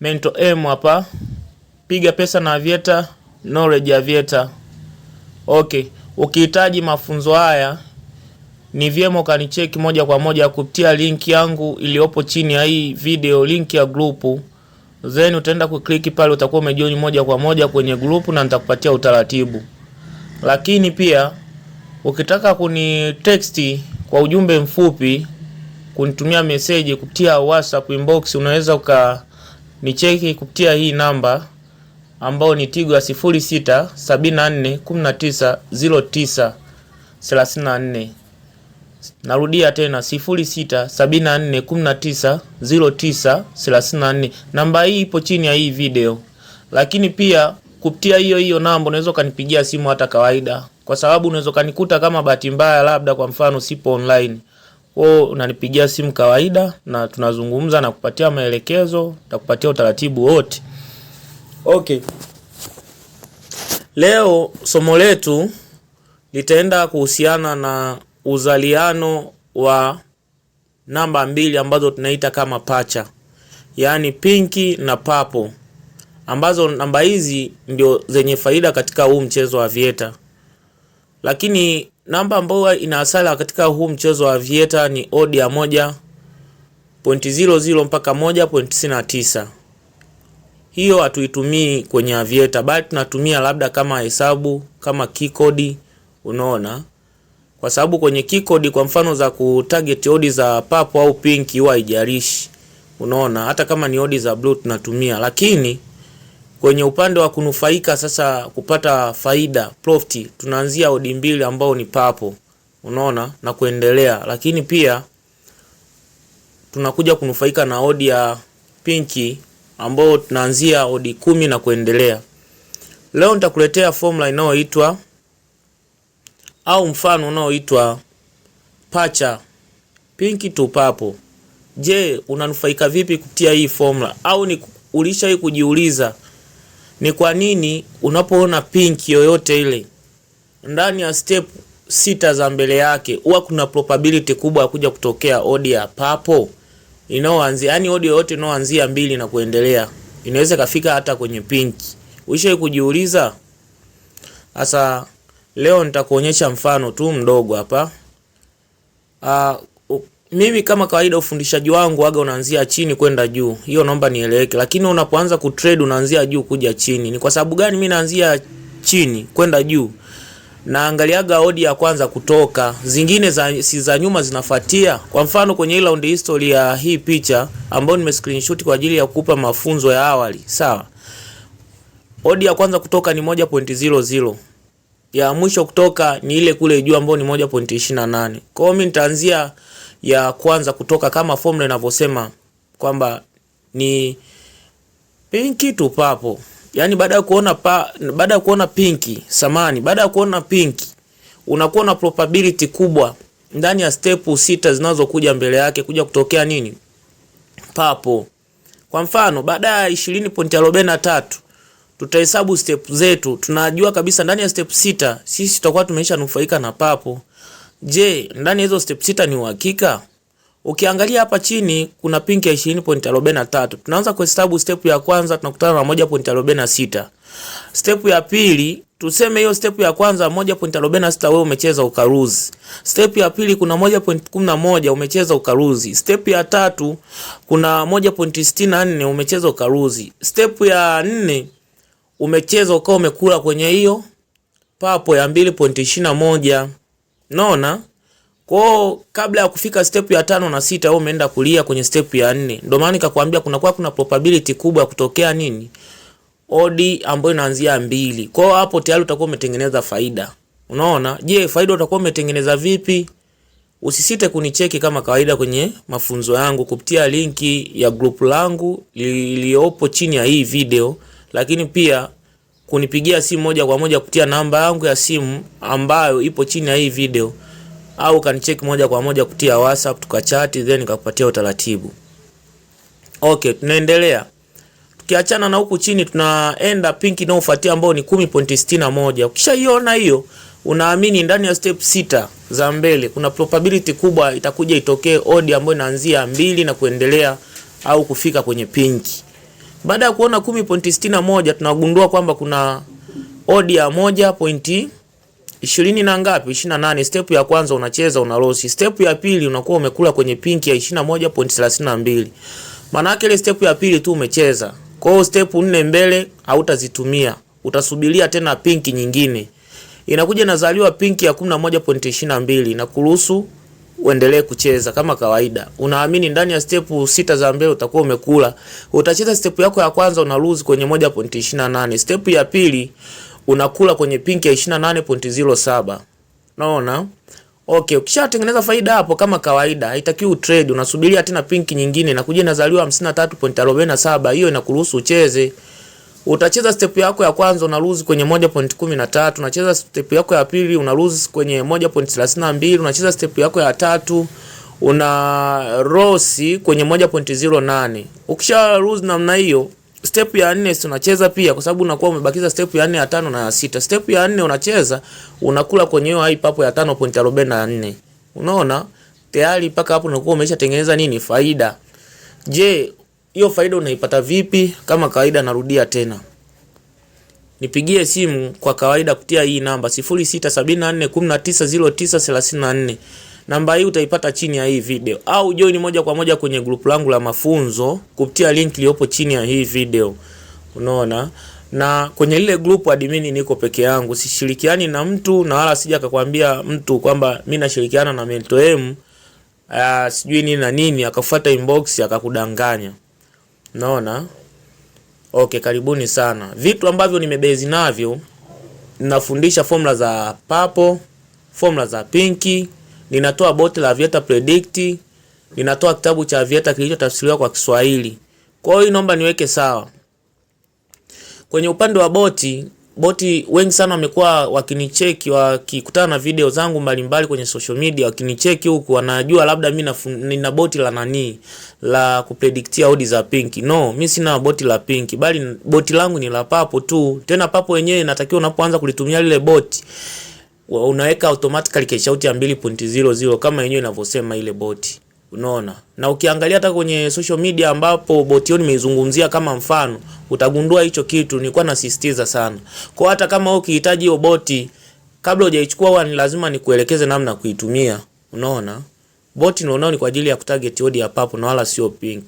mento m hapa, piga pesa na Aviator, knowledge Aviator. Okay, ukihitaji mafunzo haya ni vyema ukanicheki moja kwa moja kupitia linki yangu iliyopo chini ya hii video, linki ya grupu, then utaenda kukliki pale, utakuwa umejoin moja kwa moja kwenye grupu na nitakupatia utaratibu. Lakini pia ukitaka kuni texti kwa ujumbe mfupi, kunitumia meseji kupitia WhatsApp inbox, unaweza uka ni cheki kupitia hii namba ambao ni Tigo ya 06 Narudia tena 06 Namba hii ipo chini ya hii video, lakini pia kupitia hiyo hiyo namba unaweza ukanipigia simu hata kawaida, kwa sababu unaweza ukanikuta kama bahati mbaya, labda kwa mfano sipo online kwao unanipigia simu kawaida na tunazungumza na kupatia maelekezo, takupatia utaratibu wote. Okay. Leo somo letu litaenda kuhusiana na uzaliano wa namba mbili ambazo tunaita kama pacha, yaani pinki na papo, ambazo namba hizi ndio zenye faida katika huu mchezo wa vieta, lakini Namba ambayo ina hasara katika huu mchezo wa Avieta ni odi ya 1.00 mpaka 1.99. Hiyo hatuitumii kwenye Avieta, bali tunatumia labda kama hesabu kama kikodi, unaona, kwa sababu kwenye kikodi kwa mfano za kutarget odi za papo au pinki huwa haijalishi, unaona, hata kama ni odi za blue tunatumia lakini Kwenye upande wa kunufaika sasa, kupata faida profit, tunaanzia odi mbili ambao ni papo, unaona na kuendelea, lakini pia tunakuja kunufaika na odi ya pinki ambao tunaanzia odi kumi na kuendelea. Leo nitakuletea formula inayoitwa au mfano unaoitwa pacha pinki tu papo. Je, unanufaika vipi kupitia hii formula? Au ni ulishawahi kujiuliza ni kwa nini unapoona pinki yoyote ile ndani ya step sita za mbele yake huwa kuna probability kubwa ya kuja kutokea odi ya papo inayoanzia, yani odi yoyote inayoanzia mbili na kuendelea inaweza ikafika hata kwenye pinki. Ushai kujiuliza? Sasa leo nitakuonyesha mfano tu mdogo hapa. Uh, mimi kama kawaida ufundishaji wangu aga unaanzia chini kwenda juu, hiyo naomba nieleweke, lakini unapoanza ku unaanzia juu kuja chini. Ni kwa sababu gani mimi naanzia chini kwenda juu? Naangaliaga odi ya kwanza kutoka, zingine za, si za nyuma zinafuatia. Kwa mfano kwenye hii round history ya hii picha ambayo nime screenshot kwa ajili ya kukupa mafunzo ya awali, sawa. Odi ya kwanza kutoka ni 1.00 ya mwisho kutoka ni ile kule juu ambayo ni 1.28. Kwa hiyo mimi nitaanzia ya kwanza kutoka kama formula inavyosema kwamba ni pinki tu papo. Yaani baada ya kuona pa, baada ya kuona pinki, samani, baada ya kuona pinki unakuwa na probability kubwa ndani ya step sita zinazokuja mbele yake kuja kutokea nini? Papo. Kwa mfano, baada ya 20.43 tutahesabu step zetu, tunajua kabisa ndani ya step sita sisi tutakuwa nufaika na papo. Je, ndani hizo step sita ni uhakika? Ukiangalia hapa chini kuna pinki ya 20.43. Tunaanza kuhesabu step ya kwanza tunakutana na 1.46. Step ya pili tuseme hiyo step ya kwanza 1.46 wewe umecheza ukaruzi. Step ya pili kuna 1.11 umecheza ukaruzi. Step ya tatu kuna 1.64 umecheza ukaruzi. Step ya nne umecheza ukao umekula kwenye hiyo papo ya 2.21. Naona kwao kabla ya kufika step ya tano na sita, wewe umeenda kulia kwenye step ya nne. Ndio maana nikakwambia kuna kwa kuna probability kubwa ya kutokea nini odi ambayo inaanzia mbili. Kwao hapo tayari utakuwa umetengeneza faida. Unaona? Je, faida utakuwa umetengeneza vipi? Usisite kunicheki kama kawaida kwenye mafunzo yangu kupitia linki ya grupu langu liliyopo chini ya hii video, lakini pia kunipigia simu moja kwa moja kupitia namba yangu ya simu ambayo ipo chini ya hii video, au kanicheki moja kwa moja kupitia WhatsApp tukachati, then nikakupatia utaratibu. Okay, tunaendelea. Tukiachana na huku chini, tunaenda pinki inayofuatia ambayo ni 10.61. Ukishaiona hiyo, unaamini ndani ya step sita za mbele kuna probability kubwa itakuja itokee odi ambayo inaanzia mbili na kuendelea au kufika kwenye pinki. Baada ya kuona 10.61 tunagundua kwamba kuna odi ya 1.20 na ngapi? 28. Step ya kwanza unacheza una loss. Step ya pili unakuwa umekula kwenye pinki ya 21.32. Maana yake ile step ya pili tu umecheza. Kwa hiyo step nne mbele hautazitumia. Utasubiria tena pinki nyingine. Inakuja inazaliwa pinki ya 11.22 na kuruhusu uendelee kucheza kama kawaida. Unaamini ndani ya step sita za mbele utakuwa umekula. Utacheza step yako ya kwanza una lose kwenye 1.28. Step ya pili unakula kwenye pink ya 28.07. Naona? Okay, ukishatengeneza faida hapo kama kawaida, haitakiwi utrade, unasubiria tena pink nyingine na kuja inazaliwa 53.47. Hiyo inakuruhusu ucheze. Utacheza step yako ya kwanza una lose kwenye 1.13, unacheza step yako ya pili una lose kwenye 1.32, unacheza step yako ya tatu una rosi kwenye 1.08. Ukisha lose namna hiyo, step ya nne unacheza pia, kwa sababu unakuwa umebakiza step ya nne, ya tano na ya sita. Step ya nne unacheza unakula kwenye hiyo high papo ya 5.44. Unaona tayari mpaka hapo unakuwa umeshatengeneza nini faida. Je, hiyo faida unaipata vipi? Kama kawaida, narudia tena, nipigie simu kwa kawaida kutia hii namba 0674190934. Namba hii utaipata chini ya hii video, au join moja kwa moja kwenye grupu langu la mafunzo kupitia link iliyopo chini ya hii video. Unaona, na kwenye lile grupu admini niko peke yangu, sishirikiani na mtu na wala sija akakwambia mtu kwamba mi nashirikiana na Mentor M, uh, sijui nini na nini, akafuata inbox akakudanganya. Naona okay, karibuni sana. Vitu ambavyo nimebezi navyo, ninafundisha formula za purple, formula za pinki, ninatoa boti la Aviator Predict, ninatoa kitabu cha Aviator kilichotafsiriwa kwa Kiswahili. Kwa hiyo naomba niweke sawa kwenye upande wa boti boti wengi sana wamekuwa wakinicheki wakikutana na video zangu mbalimbali kwenye social media, wakinicheki huku, wanajua labda mimi nina boti la nani la kupredictia odds za pinki. No, mi sina boti la pinki, bali boti langu ni la papo tu. Tena papo wenyewe natakiwa unapoanza kulitumia lile boti unaweka automatically cash out ya 2.00 kama yenyewe inavyosema ile boti. Unaona, na ukiangalia hata kwenye social media ambapo boti nimeizungumzia kama mfano, utagundua hicho kitu nilikuwa nasisitiza sana. Kwa hata kama ukihitaji hiyo boti, kabla hujaichukua huwa ni lazima nikuelekeze namna kuitumia. Unaona, boti unaona ni kwa ajili ya kutarget audience ya papo na wala sio pink.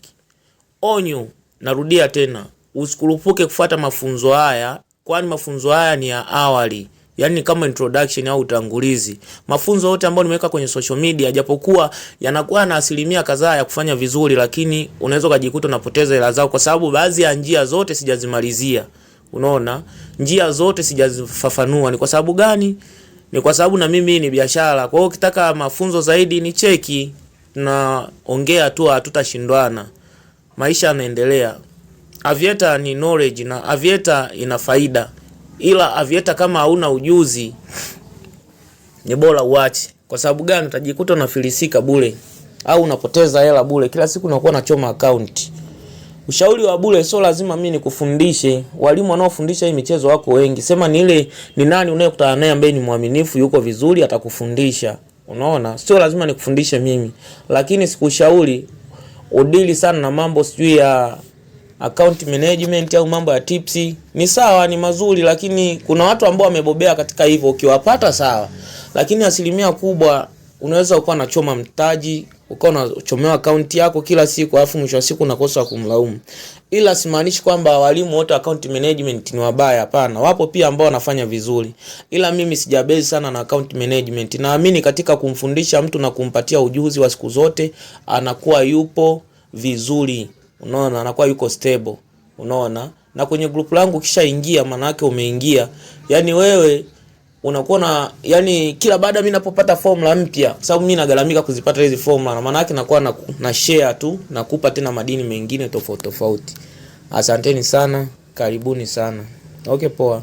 Onyo, narudia tena, usikurupuke kufuata mafunzo haya, kwani mafunzo haya ni ya awali yani kama introduction au utangulizi. Mafunzo yote ambayo nimeweka kwenye social media, japokuwa yanakuwa na asilimia kadhaa ya kufanya vizuri, lakini unaweza ukajikuta unapoteza hela zao, kwa sababu baadhi ya njia zote sijazimalizia. Unaona, njia zote sijazifafanua. Ni kwa sababu gani? Ni kwa sababu na mimi ni biashara. Kwa hiyo ukitaka mafunzo zaidi ni cheki, tunaongea tu, hatutashindwana. Maisha yanaendelea. Avieta ni knowledge na Avieta ina faida ila avieta kama hauna ujuzi ni bora uache. Kwa sababu gani? Utajikuta unafilisika bure au unapoteza hela bure, kila siku unakuwa nachoma account. Ushauri wa bure, sio lazima mimi nikufundishe. Walimu wanaofundisha hii michezo wako wengi, sema ni ile ni nani unayekutana naye ambaye ni mwaminifu, yuko vizuri, atakufundisha. Unaona, sio lazima nikufundishe mimi, lakini sikushauri udili sana na mambo sijui ya account management au mambo ya tips ni sawa, ni mazuri, lakini kuna watu ambao wamebobea katika hivyo, ukiwapata sawa, lakini asilimia kubwa unaweza ukawa nachoma mtaji ukawa unachomewa account yako kila siku, alafu mwisho wa siku unakosa kumlaumu. Ila simaanishi kwamba walimu wote account management ni wabaya, hapana. Wapo pia ambao wanafanya vizuri, ila mimi sijabezi sana na account management. Naamini katika kumfundisha mtu na kumpatia ujuzi wa siku zote, anakuwa yupo vizuri unaona, anakuwa yuko stable, unaona. Na kwenye group langu ukishaingia maana yake umeingia, yani wewe unakuwa na yani, kila baada mimi napopata formula mpya, sababu mimi nagalamika kuzipata hizi formula, na maana yake nakuwa na, na share tu nakupa tena madini mengine tofauti tofauti. Asanteni sana, karibuni sana. Okay, poa.